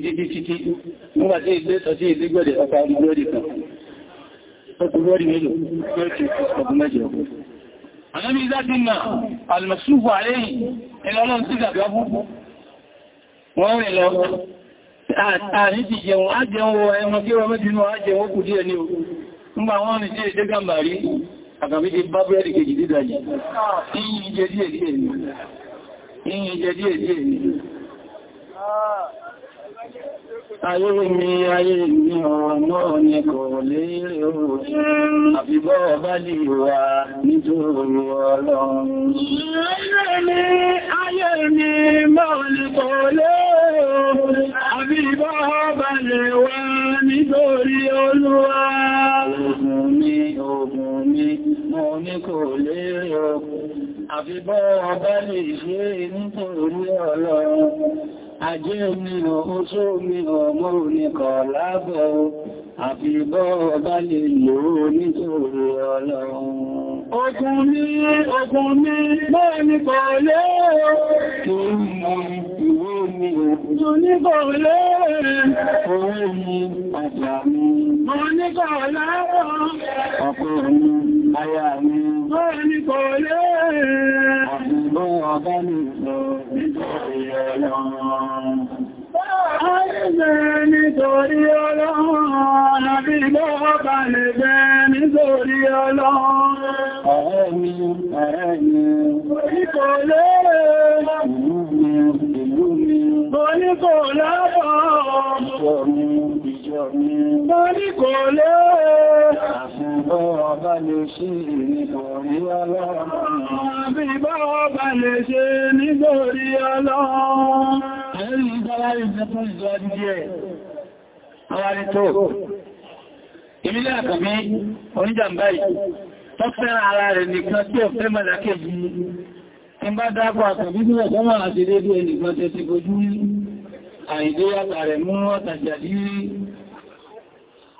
Speaker 2: títí títí nígbà tí ilé tọ́ sí ilé gbẹ̀dẹ̀ ọpa ọmọlọ́dì kan ọkùnlọ́dì mélòó ọkùn mẹ́jọ anábi ìzádínà alìmọ̀súfù àlẹ́yìn ẹlọ́lọ́n sí gàgà fún wọ́n rìn lọ ààrín ti jẹun ájẹun wọ ẹmọ kí wọ́n mẹ́jìnú ájẹun ó kù díẹ̀ ní o nígbà wọ́n rìn sí èdè gàmbàrí àkàbí ti bá búrẹ́dì kejì dídàjì ìyìn jẹ díẹ̀ díẹ̀ ni Ayé mi ayé mi ọ̀nà ni kò lè rẹ̀ oó, àfibọ́ ọba lè wà nítorí ọlọ́run. Ayé mi ayé mi mọ́ ni kò lè oó, àfibọ́ ọba lè wà nítorí olúwa. Ogun mi, ogun mi, mọ́ ni kò lè rẹ̀ oó, àfibọ́ ọba lè ṣe nítorí ọlọ́run ajé mi ò oṣó mi ò mọ́ oníkọ̀ lábọ̀ àfi bọ́ ọba lè lò ó nítorí ọlọ́run. Ogun ní ogun ní mọ́ nípa lé kí mi ò mi Mọ́ nípa lábọ̀ ọkọ̀ Mọ́ nípa lé lọ́wọ́ bá ní lọ nítorí ọlọ́run. Àìsẹ̀ nítorí ọlọ́run, àbí lọ́wọ́ bá lè bẹ́ nítorí ọlọ́run. Ọ̀rẹ́ mi, ọ̀rẹ́ mi, oníkò lẹ́rẹ̀ ìlú mi, ìlú mi, oníkò lẹ́rẹ̀ Bọ́lí kò lé àṣìbọ́ ọba lè ṣe nítorí ọlọ́run. Bí bọ́ ọba lè ṣe nítorí ọlọ́run. Ẹ̀rí ìdálárí ìjẹ́ fún ìjọ adìyẹ. Àwárí tó. Ìmílẹ̀ àkàmí oníjàmbá yìí, tó fẹ́ràn ara rẹ̀ nìkan tí ò fẹ́ mọ̀lákejì. Tí bá dápọ̀ àkàmí tí wọ́n sọ́mọ̀ àti dédé ẹnìkan tẹ́ ti gojú àìdé àtàrẹ̀ mú ọ̀tàjà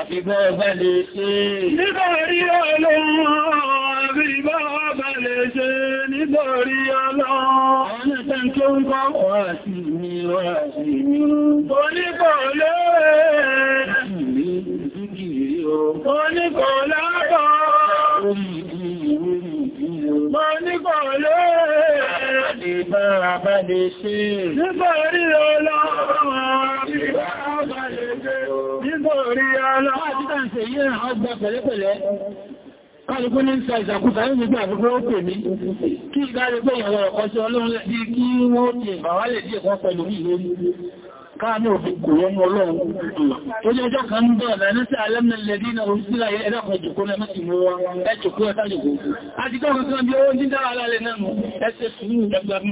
Speaker 2: àti bọ́ ọba lè ṣe. Nítorí ọlọ́run àbí bọ́ ọba lè ṣe nítorí ọlọ́run. Àwọn ẹ̀ta ń tó ń kọ́ ọ̀rọ̀ sí mi ọ̀rọ̀ sí mi. Oníkọ̀ lóòrẹ̀. Oníkọ̀ lábọ̀. Oníkọ̀ lóòrẹ̀. Àti bọ́ ọba lè ṣe. Nítorí ọlọ́run. náà ọgbà pẹ̀lẹ́pẹ̀lẹ́ kálùkú ní sọ ìsàkúsà nígbà àfikún ó pè mí kí ìgbà rẹ̀ pé ìyàwó ọ̀kọ́ sí ọlọ́run lẹ́bí kí wọ́n ti ìbàwálẹ̀ díẹ̀ kan pẹ̀lú ìlérí káàmì òfin kò wọ́n ọlọ́run tó jẹ́ ọjọ́ kan bọ̀ lẹ́nẹ́sẹ̀ alẹ́mẹ́ lẹ́dí na orísílẹ̀ ẹ̀dàkùn jùkú lẹ́mẹ́sì mú wọn ẹ̀jùkú ẹ̀tàjùkú àti kọ́ ọ̀kan bí ó ní dára alẹ́ nẹ́nu ẹsẹ̀ sùúrù ẹgbà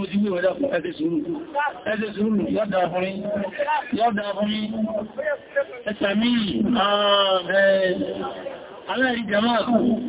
Speaker 2: mú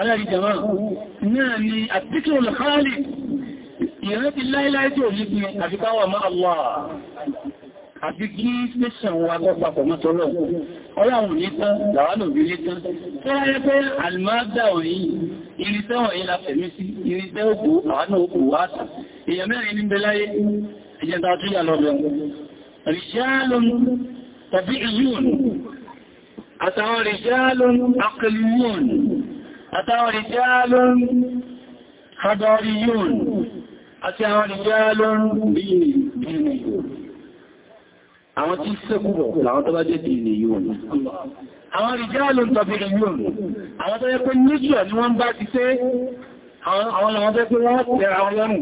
Speaker 2: alárí jama náà ni àtíkò lọ́kọ́lì ìrántí láíláí tí ò ní bí àfikáwà máa Allah àti kí tẹ́sàn wa gọ́pàpọ̀ mọ́tọ́lọ̀ ọlọ́run ní tán làwálò bí ní tán tó ráyẹ́ pé alìmọ́dá wọ̀nyí irinṣẹ́ wọ̀nyí la fẹ̀mí sí irinṣẹ́ òkú àwọn òkú wáta èyàn mẹ́rin ní beláyé ìjẹta tó yà lọ bẹ̀rún àtàwọn rìjálún fàdọ̀rí yóò àti àwọn rìjálún bíìnì àwọn tí sẹ́kùrọ̀ làwọn tó bá jẹ́ bíìnì yóò àwọn rìjálún tọ̀bìrì yóò àwọn tó yẹ pé níjọ̀ ni wọ́n bá ti sé àwọn làwọn tẹ́ pé wọ́n tẹ́ra wọn lọ́rùn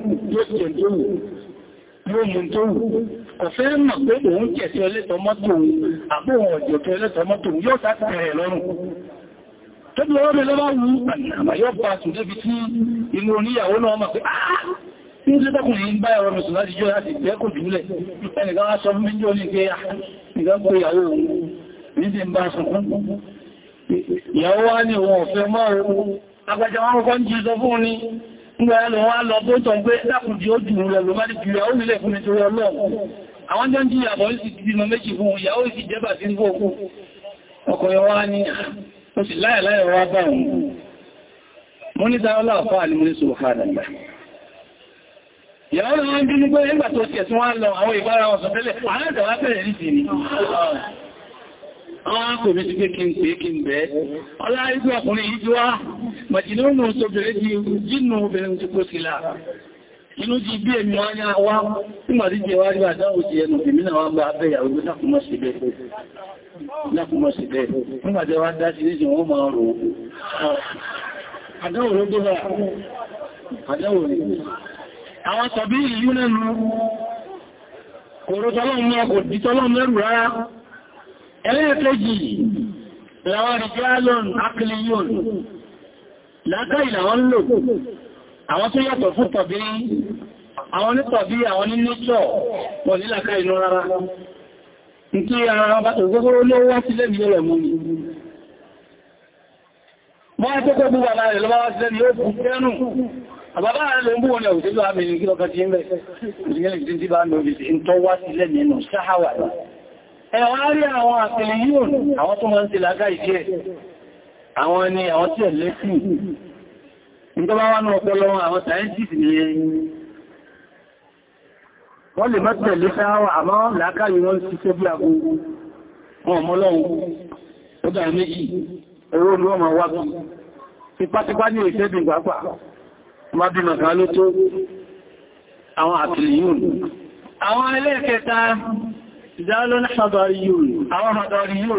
Speaker 2: yóò mú tó ọ̀fẹ́ mọ̀ pé òun jẹ̀ sí ọlẹ́tọ̀mọ́tò àbóhun ọ̀jọ̀ tó ọlẹ́tọ̀mọ́tò yóò sá tẹ́bí ìyàwó wá ní òun ọ̀fẹ́ mọ́ ohun agbàjá wọn kọ́kọ́ ń jí sọ fún ní nígbà ẹlùn wá lọ tó tọ́ pé dákùnjì ó jù rẹ̀ lọ bá ní jùlẹ̀ ó nílẹ̀ fún nítorí ọlọ́run àwọn jọ ń jí ìyàbọ̀ ó sì láyàláyà wá bá òun mú ní sáwọ́lá ọ̀fáà ní mú ní subhanallah ìyàwó wọn bí nígbé nígbà tó tẹ̀ tí wọ́n lọ àwọn ìbára wọn sọ̀tẹ́lẹ̀ aláàdàwà bẹ̀rẹ̀ ní tìní àwọn kò bí sí pé kí n pè kí n bẹ́ ọlá ìgbà ọkùnrin yìí tí wá màjìlónù sóbìnrin ti jínú obìnrin ti kó sílá inú ti bí èmi wá ní àwá tí màá díje wá rí àdáwò ti ẹnu èmi náà wá gba abẹ́ ìyàwó tó dákùnmọ́ sí bẹ́ẹ̀ dákùnmọ́ sí bẹ́ẹ̀ nígbàtẹ́ wá dá sí léṣe wọ́n máa rò àdáwò ló gbọ́nà àdáwò rí àwọn tàbí ìlú lẹ́nu kòrò tọ́lọ́mù kò dí tọ́lọ́mù lẹ́rù rárá ẹlẹ́ẹ̀kẹ́jì làwọn rìjálọ́n akìlíyàn lákàí làwọn lò àwọn tó yàtọ̀ fún tọ̀bí àwọn onítọ̀bí àwọn onínítọ̀ pọ̀ nílàkà inú rárá tí ara ògbógóró ló wá sílẹ̀ ní ọ̀rọ̀ mú ní wọ́n tó kó búwà láàrẹ lọ́wọ́ wá sílẹ̀ ní ó kú fẹ́rùn àbábá rẹ̀ ló ń búwọ́ ní òṣèlú àmìrin kí lọ́kà tí ń bẹ̀ ìgbẹ̀lẹ̀ tí bá ń lórí sí tó wá sílẹ̀ nínú sáháwà ẹ̀wọ́n rí àwọn àpẹẹlẹ̀ yíò àwọn tó máa ń ṣe lágá ìṣẹ́ àwọn ni àwọn tí ẹ̀ lẹ́sìn Nǹkan bá wá ní ọpọlọ àwọn sáyẹ́ntìsì ni wọ́n lè mọ́ tẹ̀lé sáwà àmọ́ làákàyè wọ́n sí tó bí agogo wọn ọmọlọ́run ó dà méjì owó ni wọ́n ma wá bí tipátipá ní ìṣẹ́bìn pàápàá má bí màkà ló tó àwọn àtìlìyàn àwọn ẹlẹ́ẹ̀kẹta ìdálóní ṣàdọ̀rí yóò àwọn ọmọdọ̀rí yóò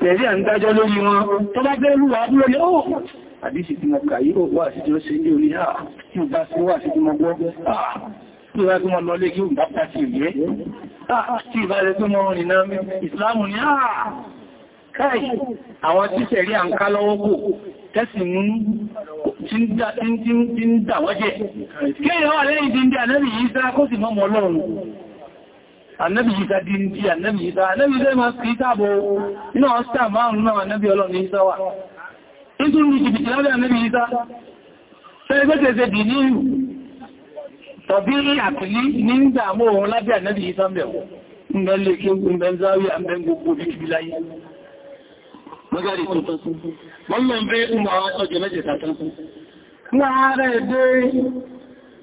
Speaker 2: tẹ̀rí à ń dájọ́ lórí wọn tó bá bẹ́ẹ̀ lúwà abúrò ní ó àdíṣì tí mo kà yí ó wà sí tí ó ṣe ní orí àà tí ó bá sí wà sí tí mo gbọ́ àà tí ó bá tí mo lọ lé kí ó bá pàtí ìyẹ́ àà tí ìbá rẹ̀ tó mọ́ rìn náà ìsìláàmù ní àà káì àwọn tí tẹ̀rí à ń ká lọ́wọ́ kò tẹ́sì mú tí ń dà wọ́jẹ́ kí annabi ìta di ní annabi ìta annabi ìta ma fi tábò inú ọ̀sá márùn-ún náà annabi ọlọ́ni ìta wà nítorí ní jìbìtì lábẹ́ annabi ìta tẹ́gbẹ́tẹ̀ẹ́sẹ̀ dì ní tọ̀bí àpìlí ní ń dàmú òun lábẹ́ annabi ìta mẹ́wọ̀ ńgbẹ́lẹ̀ kí ń bẹ́ ń záwí àmẹ́ gbogbo bíbí láyé mọ́gárí tuntun wọ́n mọ́ ń bẹ́ ń mọ́ àwọn ọjọ́ mẹ́jẹ̀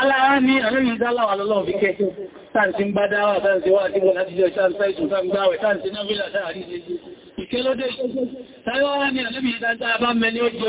Speaker 2: Lára ní àlóyìn dáláwà lọ́lọ́wọ́ fi kẹ́, táǹtí ń bá dáwà, táǹtí wà tí wọ́n láti jẹ́ ṣáàtìsáìtù, táǹgbáwẹ̀, táǹtí náà bí látàrí àríṣẹ́. Ìkẹ́lódé, táyọ́wà ní àlóyìn dáadáa ní ó jẹ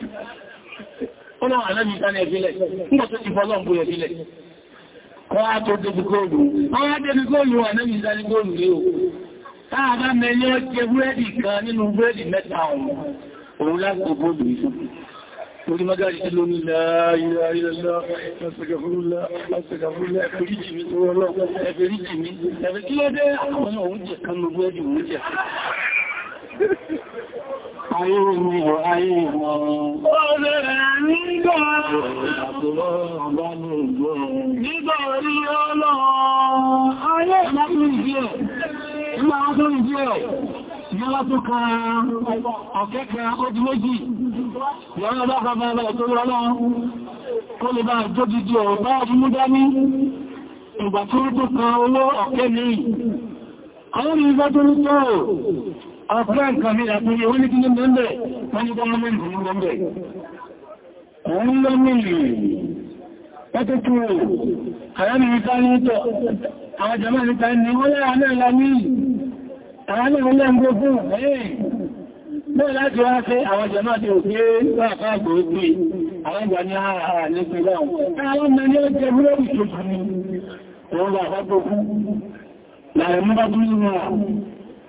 Speaker 2: ó náà àlẹ́mì ìsáni ẹ̀fílẹ̀ nígbà tó ti fọ́lọ́n bú ẹ̀fílẹ̀ kọ́ á tó débi góòlù wọ́n á débi góòlù àlẹ́mì ìsáni góòlù rí o táàbá mẹ́lẹ́ ó jẹ búrẹ́dì kan nínú búrẹ́dì mẹ́ta ọ̀hún òun láti góòlù ìsún Orí mọ́gáàrí tí ló ní láàáyíra ilẹ̀lá, ẹ̀sẹ̀gẹ̀fúrúlá, ẹ̀sẹ̀gẹ̀fúrúlá, ẹ̀fẹ̀ríjì mi tó rọ́lọ́, ẹ̀fẹ̀ríjì mi, ẹ̀fẹ̀ kí ló dé àwọn òun jẹ̀ kan lógún ẹ̀dì òun jẹ̀ àìní àìmọ̀ ọ̀rẹ́ nígbà nígbà orí ọlọ́run ayé ìlàtún ìjẹ́ ìlàtún ìjẹ́ Yọ́lá tó kan ọ̀kẹ́ ìgbà tó rí tó kan owó ọ̀kẹ́ ní. Àwọn ìrìnlẹ́ tó rí tó Àfúrán kan ní àtúnyẹ wọ́n ní kí ní mẹ́mẹ́ wọ́n ní gọ́ọ̀mẹ́ntì ní mẹ́mẹ́. Òun lọ mílì pẹ́tẹ́kù àyàmì ìta ní ìtọ̀, àwọn jàmà níta ní wọ́n lára náà lá ní àyàmì ìrìnlẹ̀ ń gbogbo ẹ̀yìn. Bẹ́ẹ̀ láti wá sí àwọn jàmà ti òkè láàfá gbogbo àwọn ìgbà ní ààrà ní pẹ̀lú àwọn.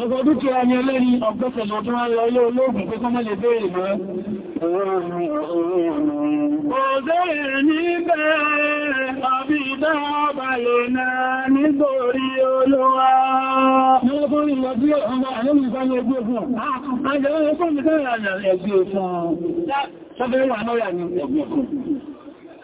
Speaker 2: Gbogbo dúkìá ni olórin ọgbọ́sẹ̀lọ tó wá lọ ilé olóògùn pé kọ́mọ́ lè béèrè mọ́. Òjò ìrìn bẹ́ẹ̀ àbí ìdábalẹ̀ náà nítorí olówá. Mọ́lọ́kọ́ ìlọ bí ọmọ àlẹ́mì ìfẹ́ ẹgbẹ́ fún. Àjẹ́ ẹgbẹ́ fún ìfẹ́ ìrìn àjẹ́ ẹgbẹ́ fún. Sọ́bẹ̀rẹ̀ wà náà yà ní ẹgbẹ́ fún.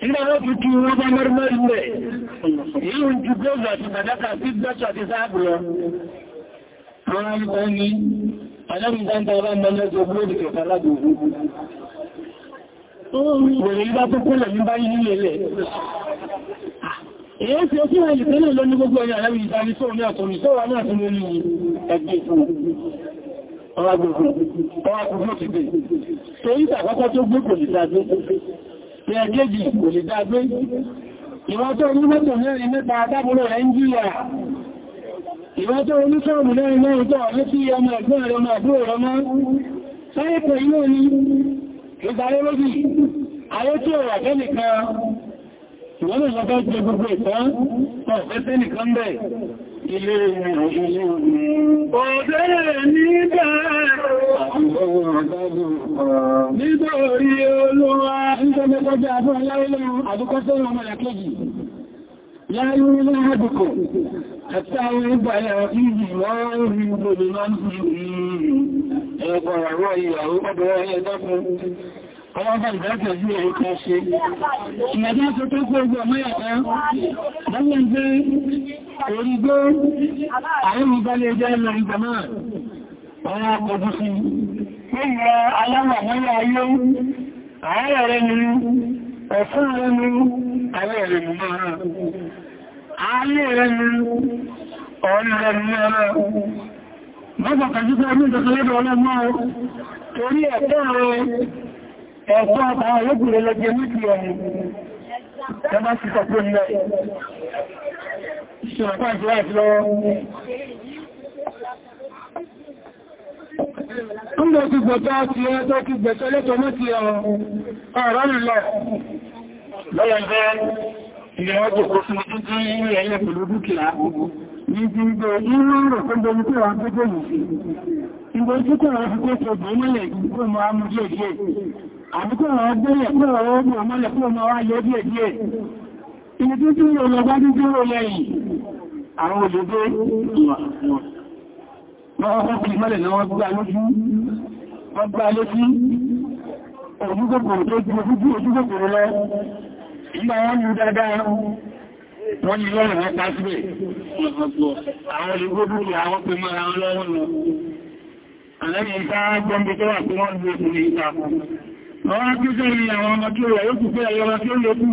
Speaker 2: ina mafi wata marmarin da yiwon jugo za su da daga fitbata ta sabuwa ran wani alam zan tara mana jogo da ke fara dogo wèrè ibá tó kó lẹ̀ ní bá yìí lélẹ̀ èyí tí ó tí wọ́n ìpínlẹ̀ lọ ní gbogbo ẹ̀yà alábi ìdáni tó ní àtòrí tó wà ní àtòrí ní ẹgbẹ́ fún ọwá gbogbo ọwá gbogbo ti gbé torí tàkọ́kọ́ tó gbogbo ìdájọ́ ẹ̀ẹ́gẹ́jì kò lè dágbé ìwọ́n tó mẹ́rin mẹ́ta adábúrò rẹ̀ ń jíyà mẹ́rin tó ọ̀rẹ́ ọmọ ẹ̀gbọ́n rẹ̀ ọmọ àbúrò rẹ̀ mọ́ sáyẹ̀pọ̀ inú ni ìgbàlẹ́ ilé ilé ọ̀dẹ́ nígbà nítorí olúwa nígbàmẹ́kọjá fún aláìlú àdúkọ́sẹ́ ọmọ ẹ̀kẹ́jì láàrín ilé àdúkò àti àwọn ìgbàlẹ̀ ìjì wọ́n rí gbogbo máa ń fi ẹ̀kọ̀rọ̀ ìyàwó ọdọ̀ ẹ̀ẹ́dọ́kùn Àwọn ọba ìdájọ́ sí ẹ̀rẹ́ kan ṣe. Ìyàjá tó tó kó ogun ọmọ ẹ̀kọ́, lọ́gbọ́n pé orígbó àwọn ìbálẹ̀ ẹjẹ́ lọ ìgbà náà, ọ̀rọ̀ ọkọ̀dún sí. Ìyà aláwọ̀ mọ́lá ayé, ààrẹ rẹ̀ ni, ẹ̀fún rẹ̀ ni, ààrẹ rẹ̀ ni máa rán. Ààrẹ rẹ̀ ni, ọ̀rẹ́ rẹ̀ ni máa Mọ́bọ̀ kàjíkọ́ ọdún ìjọsọ́lẹ́dọ̀ ọlọ́mọ́ torí ẹ̀kọ́ àtàwọn olóbìnrin lọ jẹ mítì ẹ̀yìn sí gbẹ̀tọ́ ti ẹ́ tó kí gbẹ̀tọ́ lẹ́tọ́ mọ́ ti kó fún títí ilẹ̀ ilẹ̀ pẹ̀lú dúkìá ní ti ń bẹ̀ inú fún bẹni tó wà ń pẹ́ àbúkò àwọn olùgbé wọ́n ọkùnrin
Speaker 1: mọ́lẹ̀
Speaker 2: náà wọ́n gbá lójú wọ́n gbá lójú ojúgbòkòrò tó ju ojú ojúgbòkòrò lọ ìgbà wọ́n lù dáadáa wọ́n ni lọ́rọ̀ wọ́n pa síbẹ̀ àwọn olùgbò búrú àwọn pè mọ́ra wọn lọ́wọ́ àwọn akẹ́kẹ́ ni àwọn ọmọ tí ó rẹ̀ yóò pẹ́ ẹ̀yọ́ tí ó lè kú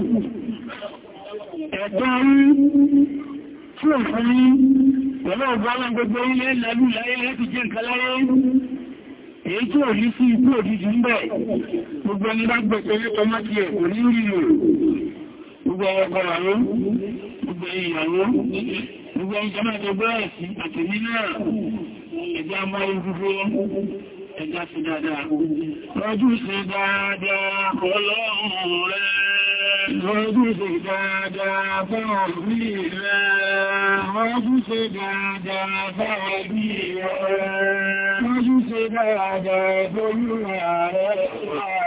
Speaker 2: ẹ̀tọ́ rí tí ó fún ní pẹ̀lú ọgbọ́nà gbogbo ilẹ̀ lẹ́lú láyé láti jẹ́ nǹkan láyé èyí tí ò ní sí ikú ẹjá sí dáadáa rọ́jú sí dáadáa ọlọ́run
Speaker 1: rẹ̀
Speaker 2: rọ́jú sí dáadáa fáwọn bí rẹ̀ rọ́jú sí dáadáa fáwọn bí rẹ̀ rọ́jú sí dáadáa fólúwà rẹ̀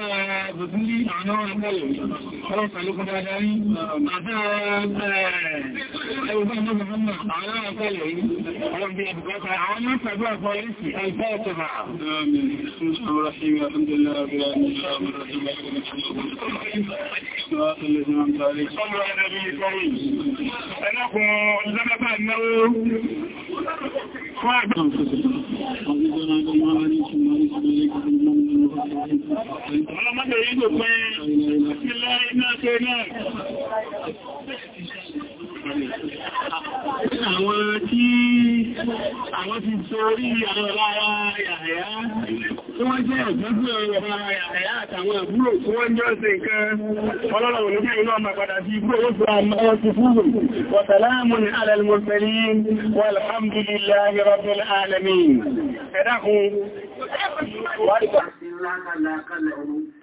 Speaker 2: àbára bùbúlí àwọn ọmọlẹ̀ ọlọ́pàálókún dáadáa rí àbára ẹgbẹ̀rún mọ́mọ̀ àwọn ọmọlẹ̀ yìí ọlọ́pàá ẹgbẹ̀kọ́ta àwọn mọ́sàgbà fọ́lẹ́sì àìfẹ́ ọ̀tọ̀bà Fún àgbà ọlọ́mọdé yìí ló pé ìlà iná ṣe náà àwọn tí àwọn ti sórí àwọn lára yàáyá tí wọ́n jẹ́ ọ̀gbẹ́gbẹ́ ọ̀rọ̀ ara yàáyá àtàwọn àbúrò tí wọ́n jọ sí nǹkan ọlọ́rọ̀ olóbìnrin iná ọmọ padà sí ibúrò ó fún àmọ́ ti fúrò wàtàlámù ní alẹ́lmọ̀sẹ̀lì wàlhàmdùlélà yọrọ̀bẹ̀lẹ̀ alẹ́mìn ẹ̀dàkùn
Speaker 1: La vida la